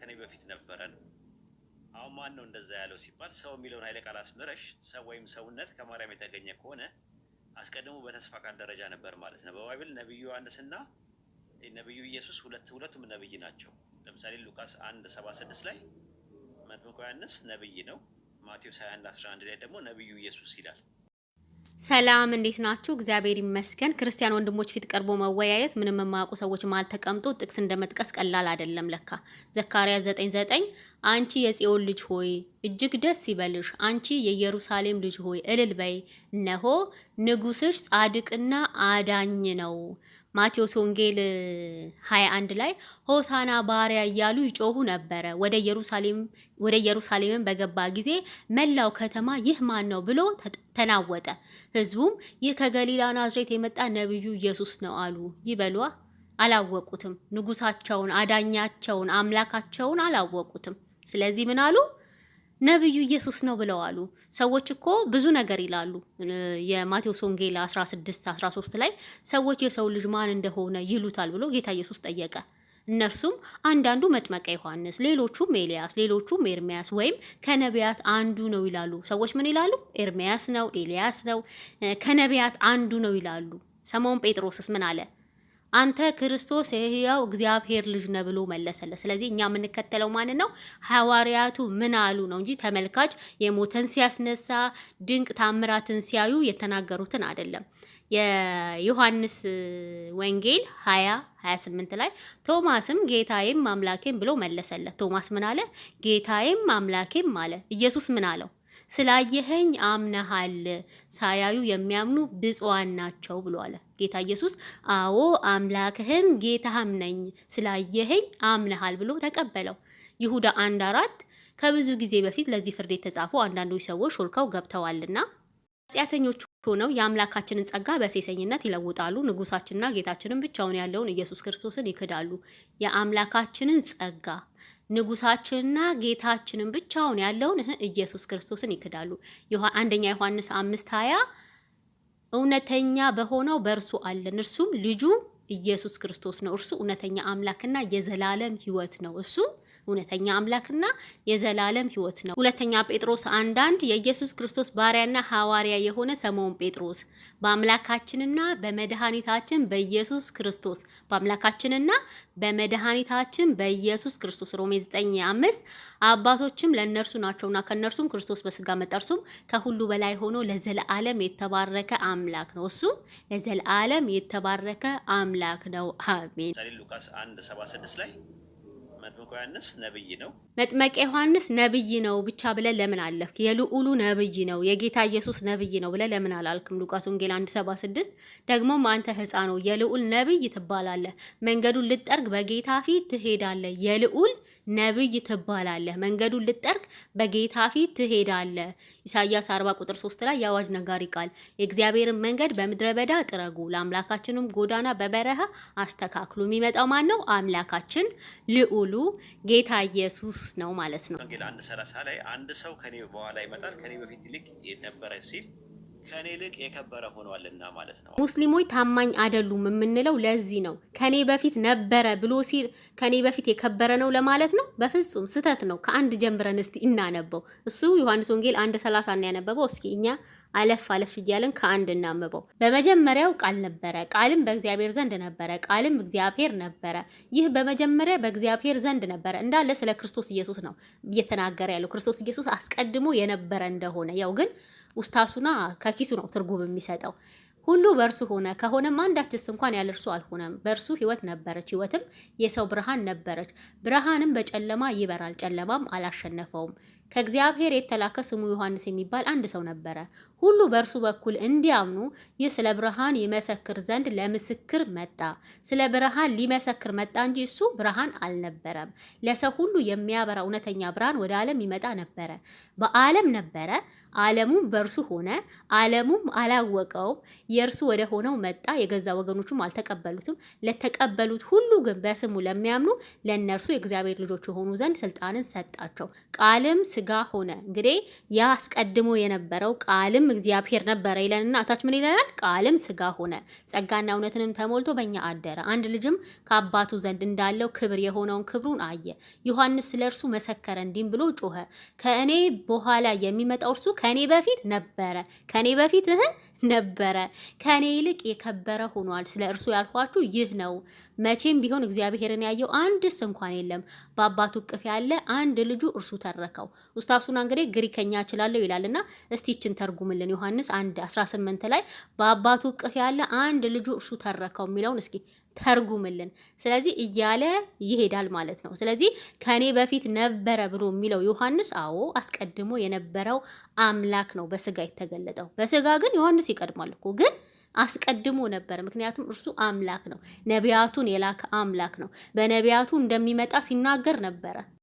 ከኔ በፊት ነበረን። አሁን ማን ነው እንደዛ ያለው ሲባል ሰው የሚለውን ኃይለ ቃል አስምረሽ ሰው ወይም ሰውነት ከማርያም የተገኘ ከሆነ አስቀድሞ በተስፋ ቃል ደረጃ ነበር ማለት ነው። በባይብል ነቢዩ ዮሐንስና ነቢዩ ኢየሱስ ሁለት ሁለቱም ነብይ ናቸው። ለምሳሌ ሉቃስ አንድ ሰባ ስድስት ላይ መጥምቁ ዮሐንስ ነብይ ነው። ማቴዎስ 21 11 ላይ ደግሞ ነቢዩ ኢየሱስ ይላል። ሰላም እንዴት ናችሁ? እግዚአብሔር ይመስገን። ክርስቲያን ወንድሞች ፊት ቀርቦ መወያየት ምንም የማያውቁ ሰዎች መሃል ተቀምጦ ጥቅስ እንደመጥቀስ ቀላል አይደለም። ለካ ዘካርያ 9:9 አንቺ የጽዮን ልጅ ሆይ እጅግ ደስ ይበልሽ፣ አንቺ የኢየሩሳሌም ልጅ ሆይ እልል በይ፣ እነሆ ንጉስሽ ጻድቅና አዳኝ ነው፣ ማቴዎስ ወንጌል 21 ላይ ሆሳና ባሪያ እያሉ ይጮሁ ነበረ። ወደ ኢየሩሳሌም ወደ በገባ ጊዜ መላው ከተማ ይህ ማን ነው ብሎ ተናወጠ። ህዝቡም ይህ ከገሊላ ናዝሬት የመጣ ነቢዩ ኢየሱስ ነው አሉ። ይበሏ አላወቁትም። ንጉሳቸውን፣ አዳኛቸውን፣ አምላካቸውን አላወቁትም። ስለዚህ ምን አሉ? ነብዩ ኢየሱስ ነው ብለው አሉ። ሰዎች እኮ ብዙ ነገር ይላሉ። የማቴዎስ ወንጌል 16 13 ላይ ሰዎች የሰው ልጅ ማን እንደሆነ ይሉታል ብሎ ጌታ ኢየሱስ ጠየቀ። እነርሱም አንዳንዱ መጥመቀ ዮሐንስ፣ ሌሎቹም ኤልያስ፣ ሌሎቹም ኤርሚያስ ወይም ከነቢያት አንዱ ነው ይላሉ። ሰዎች ምን ይላሉ? ኤርሚያስ ነው፣ ኤልያስ ነው፣ ከነቢያት አንዱ ነው ይላሉ። ሰሞን ጴጥሮስስ ምን አለ? አንተ ክርስቶስ የሕያው እግዚአብሔር ልጅ ነህ ብሎ መለሰለት። ስለዚህ እኛ የምንከተለው ማን ነው? ሐዋርያቱ ምን አሉ ነው እንጂ ተመልካች የሞተን ሲያስነሳ ድንቅ ታምራትን ሲያዩ የተናገሩትን አይደለም። የዮሐንስ ወንጌል 20 28 ላይ ቶማስም ጌታዬም አምላኬም ብሎ መለሰለት። ቶማስ ምን አለ? ጌታዬም አምላኬም አለ። ኢየሱስ ምን አለው? ስላየኸኝ አምነሃል፣ ሳያዩ የሚያምኑ ብፁዓን ናቸው ብሏል ጌታ ኢየሱስ። አዎ አምላክህም ጌታህም ነኝ፣ ስላየኸኝ አምነሃል ብሎ ተቀበለው። ይሁዳ አንድ አራት ከብዙ ጊዜ በፊት ለዚህ ፍርድ የተጻፉ አንዳንዶች ሰዎች ሾልከው ገብተዋልና ኃጢአተኞች ሆነው የአምላካችንን ጸጋ በሴሰኝነት ይለውጣሉ። ንጉሳችንና ጌታችንን ብቻውን ያለውን ኢየሱስ ክርስቶስን ይክዳሉ። የአምላካችንን ጸጋ ንጉሳችንና ጌታችንን ብቻውን ያለውን ኢየሱስ ክርስቶስን ይክዳሉ። አንደኛ ዮሐንስ አምስት ሀያ እውነተኛ በሆነው በእርሱ አለን እርሱም ልጁ ኢየሱስ ክርስቶስ ነው። እርሱ እውነተኛ አምላክና የዘላለም ሕይወት ነው። እሱም እውነተኛ አምላክና የዘላለም ህይወት ነው። ሁለተኛ ጴጥሮስ አንድ አንድ የኢየሱስ ክርስቶስ ባሪያና ሐዋርያ የሆነ ሰሞን ጴጥሮስ በአምላካችንና በመድኃኒታችን በኢየሱስ ክርስቶስ በአምላካችንና በመድኃኒታችን በኢየሱስ ክርስቶስ ሮሜ 9 5 አባቶችም ለእነርሱ ናቸውና ከእነርሱም ክርስቶስ በስጋ መጠርሱም ከሁሉ በላይ ሆኖ ለዘላለም የተባረከ አምላክ ነው። እሱ ለዘላለም የተባረከ አምላክ ነው። አሜን። ሉቃስ 1 76 ላይ መጥምቁ ዮሐንስ ነብይ ነው። መጥመቅ ዮሐንስ ነብይ ነው ብቻ ብለን ለምን አለፍክ? የልዑሉ ነብይ ነው፣ የጌታ ኢየሱስ ነብይ ነው ብለን ለምን አላልክም? ሉቃስ ወንጌል 176 ደግሞም አንተ ሕፃን ነው የልዑል ነብይ ትባላለህ፣ መንገዱን ልጠርግ በጌታ ፊት ትሄዳለህ። የልዑል ነብይ ትባላለህ፣ መንገዱን ልጠርግ በጌታ ፊት ትሄዳለህ። ኢሳይያስ 40 ቁጥር 3 ላይ የአዋጅ ነጋሪ ቃል የእግዚአብሔርን መንገድ በምድረ በዳ ጥረጉ፣ ለአምላካችንም ጎዳና በበረሃ አስተካክሉ። የሚመጣው ማን ነው? አምላካችን ልዑሉ ሁሉ ጌታ ኢየሱስ ነው ማለት ነው። ወንጌል አንድ ሰላሳ ላይ አንድ ሰው ከኔ በኋላ ይመጣል ከኔ በፊት ይልቅ ነበረ ሲል ከኔ ይልቅ የከበረ ሆኗልና ማለት ነው። ሙስሊሞች ታማኝ አይደሉም የምንለው ለዚህ ነው። ከኔ በፊት ነበረ ብሎ ሲል ከኔ በፊት የከበረ ነው ለማለት ነው። በፍጹም ስህተት ነው። ከአንድ ጀምረን እስቲ እናነበው። እሱ ዮሐንስ ወንጌል አንድ ሰላሳ ነው ያነበበው። እስኪ እኛ አለፍ አለፍ እያለን ከአንድ እናንበው። በመጀመሪያው ቃል ነበረ፣ ቃልም በእግዚአብሔር ዘንድ ነበረ፣ ቃልም እግዚአብሔር ነበረ። ይህ በመጀመሪያ በእግዚአብሔር ዘንድ ነበረ እንዳለ ስለ ክርስቶስ ኢየሱስ ነው እየተናገረ ያለው። ክርስቶስ ኢየሱስ አስቀድሞ የነበረ እንደሆነ ያው ግን ውስታሱና ከኪሱ ነው ትርጉም የሚሰጠው። ሁሉ በእርሱ ሆነ። ከሆነም አንዳችስ እንኳን ያለርሱ አልሆነም። በእርሱ ህይወት ነበረች፣ ህይወትም የሰው ብርሃን ነበረች። ብርሃንም በጨለማ ይበራል፣ ጨለማም አላሸነፈውም። ከእግዚአብሔር የተላከ ስሙ ዮሐንስ የሚባል አንድ ሰው ነበረ። ሁሉ በእርሱ በኩል እንዲያምኑ ይህ ስለ ብርሃን ይመሰክር ዘንድ ለምስክር መጣ። ስለ ብርሃን ሊመሰክር መጣ እንጂ እሱ ብርሃን አልነበረም። ለሰው ሁሉ የሚያበራ እውነተኛ ብርሃን ወደ ዓለም ይመጣ ነበረ። በዓለም ነበረ፣ ዓለሙም በእርሱ ሆነ፣ ዓለሙም አላወቀውም። የእርሱ ወደ ሆነው መጣ፣ የገዛ ወገኖቹም አልተቀበሉትም። ለተቀበሉት ሁሉ ግን በስሙ ለሚያምኑ ለእነርሱ የእግዚአብሔር ልጆች የሆኑ ዘንድ ስልጣንን ሰጣቸው። ቃልም ስጋ ሆነ። እንግዲህ ያ አስቀድሞ የነበረው ቃልም እግዚአብሔር ነበረ ይለንና አታች ምን ይለናል? ቃልም ስጋ ሆነ፣ ጸጋና እውነትንም ተሞልቶ በእኛ አደረ። አንድ ልጅም ከአባቱ ዘንድ እንዳለው ክብር የሆነውን ክብሩን አየ። ዮሐንስ ስለ እርሱ መሰከረ፣ እንዲህም ብሎ ጮኸ፣ ከእኔ በኋላ የሚመጣው እርሱ ከእኔ በፊት ነበረ፣ ከእኔ በፊት ነበረ። ከኔ ይልቅ የከበረ ሆኗል። ስለ እርሱ ያልኋችሁ ይህ ነው። መቼም ቢሆን እግዚአብሔርን ያየው አንድስ እንኳን የለም። በአባቱ እቅፍ ያለ አንድ ልጁ እርሱ ተረከው። ውስታሱና እንግዲህ ግሪከኛ እችላለሁ ይላልና እስቲ ይችን ተርጉምልን። ዮሐንስ 1 18 ላይ በአባቱ እቅፍ ያለ አንድ ልጁ እርሱ ተረከው የሚለውን እስኪ ተርጉምልን። ስለዚህ እያለ ይሄዳል ማለት ነው። ስለዚህ ከእኔ በፊት ነበረ ብሎ የሚለው ዮሐንስ አዎ አስቀድሞ የነበረው አምላክ ነው በስጋ የተገለጠው። በስጋ ግን ዮሐንስ ይቀድማል እኮ ግን አስቀድሞ ነበር። ምክንያቱም እርሱ አምላክ ነው። ነቢያቱን የላከ አምላክ ነው። በነቢያቱ እንደሚመጣ ሲናገር ነበረ።